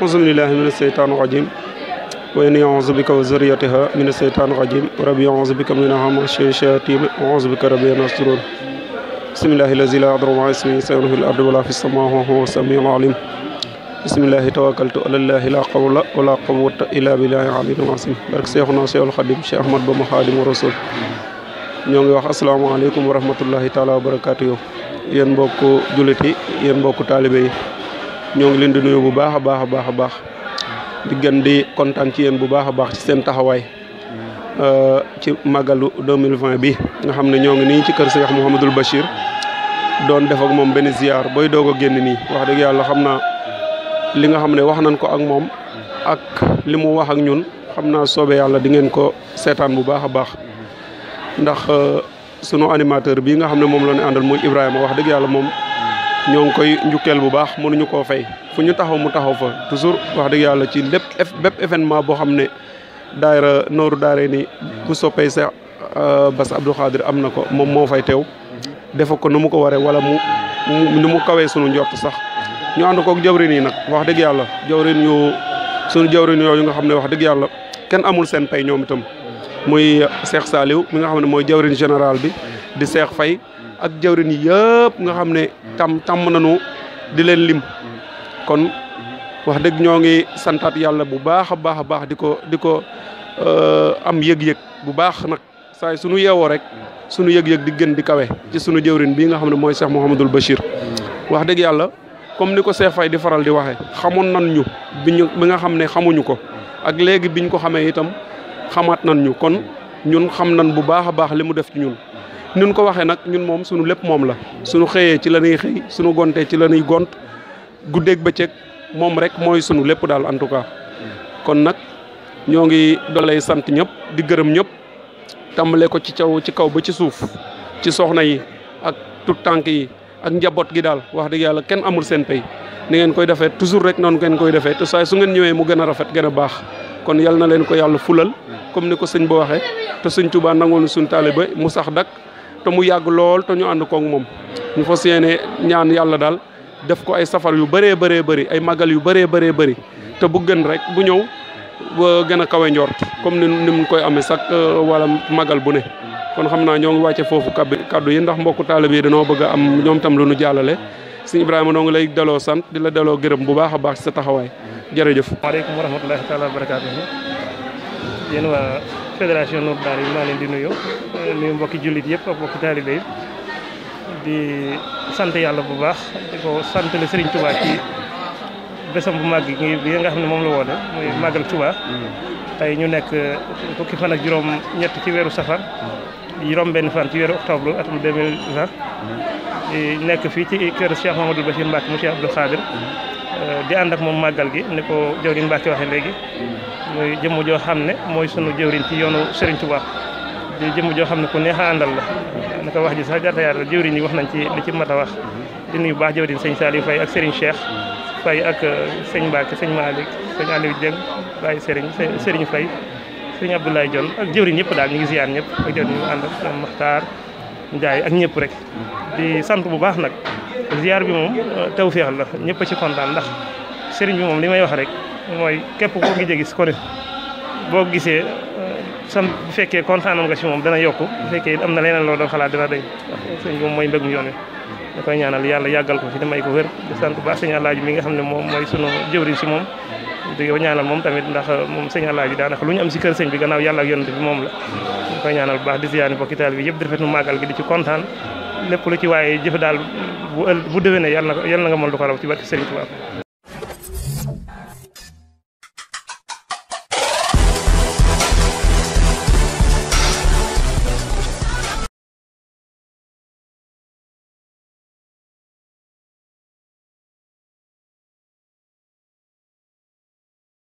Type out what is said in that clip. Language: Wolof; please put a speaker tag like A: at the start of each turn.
A: bismillahi mina seytaani rajim wa inni a'uuzu bika wa zurriyataha mina seytaani rajim rabbi a'uuzu bika min hamazaati shayaatiin wa a'uuzu bika rabbi an yahduruun bismillahi lazi la adra ma ismi sayru fil ardi wala fis samaa wa huwa samiul alim bismillahi tawakkaltu ala llahi la qawla wala quwwata illa billahi aliyil azim barke seexuna seexul xadim cheikh ahmad bamba xaadimu rasul ñoo ngi wax asalaamaaleykum wa rahmatullahi taala wa barakaatu yow yéen mbokku jullit yi yéen mbokku taalibe yi ñoo ngi leen di nuyu bu baax a baax a baax a baax di gën di kontaan ci yéen bu baax a baax ci seen taxawaay Euh, ci màggalu 2020 bi nga xam ne ñoo ngi nii ci kër Seex Mouhamadul Bachir doon def ak moom benn ziar booy doog a génn nii wax dëgg yàlla xam naa li nga xam ne wax nañ ko ak moom ak li mu wax ak ñun xam naa soobe yàlla di ngeen ko seetaan bu baax a baax ndax euh, sunu animateur bii nga xam ne moom la ñu àndal muy Ibrahima wax dëgg yàlla moom ñoo ngi koy njukkeel bu baax mënuñu koo fay fu ñu taxaw mu taxaw fa toujours wax dëgg yàlla ci lépp événement boo xam ne daayira nooru daare nii bu soppee Seex euh, Bass Abdou Khadir am na ko moom moo fay teew defa ko nu mu ko waree wala mu nu mu kawee sunu njort sax ñu ànd kook jawrin yi nag wax dëgg yàlla jawrin yu sunu jawrin yooyu nga xam ne wax dëgg yàlla kenn amul seen pay ñoom itam muy Cheikh Saliou mi nga xam ne mooy jawrin général bi di Cheikh fay ak jawrin yi yëpp nga xam ne tam tàmm nañu di leen lim kon wax dëgg ñoo ngi santaat yàlla bu baax a baax a baax di ko di ko euh, am yëg-yëg bu baax nag saay suñu yeewoo rek sunu yëg-yëg di gën di kawe ci suñu jëwrin bii nga xam ne mooy Cheikh Mouhamadul Bachir wax dëgg yàlla comme ni ko Cheikh Faye di faral di waxee xamoon nan ñu bi ñu bi nga xam ne xamuñu ko ak léegi biñ ko xamee itam xamaat nan ñu kon ñun xam nan bu baax a baax li mu def ci ñun ñun ko waxee nag ñun moom suñu lépp moom la suñu xëyee ci la ñuy xëy suñu gontee ci la ñuy gont ba bëccëg moom rek mooy sunu lépp daal en tout cas kon nag ñoo ngi dolay sant ñëpp di gërëm ñëpp tàmbale ko ci caw ci kaw ba ci suuf ci soxna yi ak tout tànk yi ak njaboot gi daal wax dëgg yàlla kenn amul seen pay ni ngeen koy defee toujours rek noonu ngeen koy defee te saa su ngeen ñëwee mu gën a rafet gën baax kon yal na leen ko yàlla fulal comme ni ko sëñ ba waxee te sëñ Tuubaa nangoon suñu taalibe mu sax dak te mu yàgg lool te ñu ànd kook moom ñu fas yéene ñaan yàlla daal def ko ay safar yu bëree bëree bëri ay magal yu bëree bëree bëri te bu gën rek bu ñëw ba gën a kawe njort comme ni ni mu koy amee sax euh, wala magal bu ne kon xam naa ñoo ngi wàcce foofu kaddu yi ndax mbokku taalibe yi dañoo bëgg am ñoom tam lu nu jàllale sëñ Ibrahima noo ngi lay daloo sant di la daloo gërëm bu baax a baax sa taxawaay jërëjëf. waaleykum wa rahmatulahi taala wa barakaatuhu yéen waa fédération leen di nuyu nuyu mbokki
B: jullit yëpp ak mbokki taalibe di sant yàlla bu baax di ko sant la Serigne Touba ci bésam bu màgg gi bi nga xam ne moom la woone muy màggal Touba. Mm. tey ñu nekk fukki fan ak juróom ñett ci weeru safar mm. juróom benn fan ci weeru octobre atum 2020 mm. nekk fii ci kër Cheikh Mamadou Bachir Mbacke mu Cheikh Abdou Khadir euh, di ànd ak moom màggal gi ni ko jëwriñ Mbacke waxee léegi mooy sunu jëwriñ ci yoonu Serigne Touba. di jëmm joo xam ne ku neex a àndal la na ko wax ji sax jarta yaatal jëwriñ yi wax nañ ci li ci mat a wax di nuyu bu baax jëwriñ sëñ Saliou Faye ak Serigne Cheikh Faye ak euh, sëñ Mbacke sëñ Malick sëñ Aliou Dieng Baye Serigne Serigne Faye sëñ Abdoulaye Dione ak jëwriñ ñëpp daal ñu ngi ziar ñëpp ak jëwriñ ñu ànd ak Makhtar Ndiaye ak ñëpp rek di sant bu baax nag ziar bi moom euh, tawféex la ñëpp a ci kontaan ndax Serigne bi moom li may wax rek mooy képp koo gisee gis ko boo gisee sam bu fekkee kontaanam nga si moom dana yokk bu fekkee am na leneen loo doon xalaat dana doy ndax sëñ moom mooy mbëgum yoon wi da koy ñaanal yàlla yàggal ko fi may ko wér di sant baax sëñ Alaaji mi nga xam ne moom mooy sunu jëwriñ si moom di ko ñaanal moom tamit ndax uh, moom sëñ Alaaji daanaka lu ñu am si kër sëñ bi gannaaw yàlla ak yonent bi moom la da koy ñaanal bu baax di siyaani bokki taal bi yëpp di rafetlu màggal gi di ci kontaan lépp lu ci waaye jëf daal bu ël bu déwénee na yàlla na nga mën lu ko raw ci barke Sëriñ Tuubaa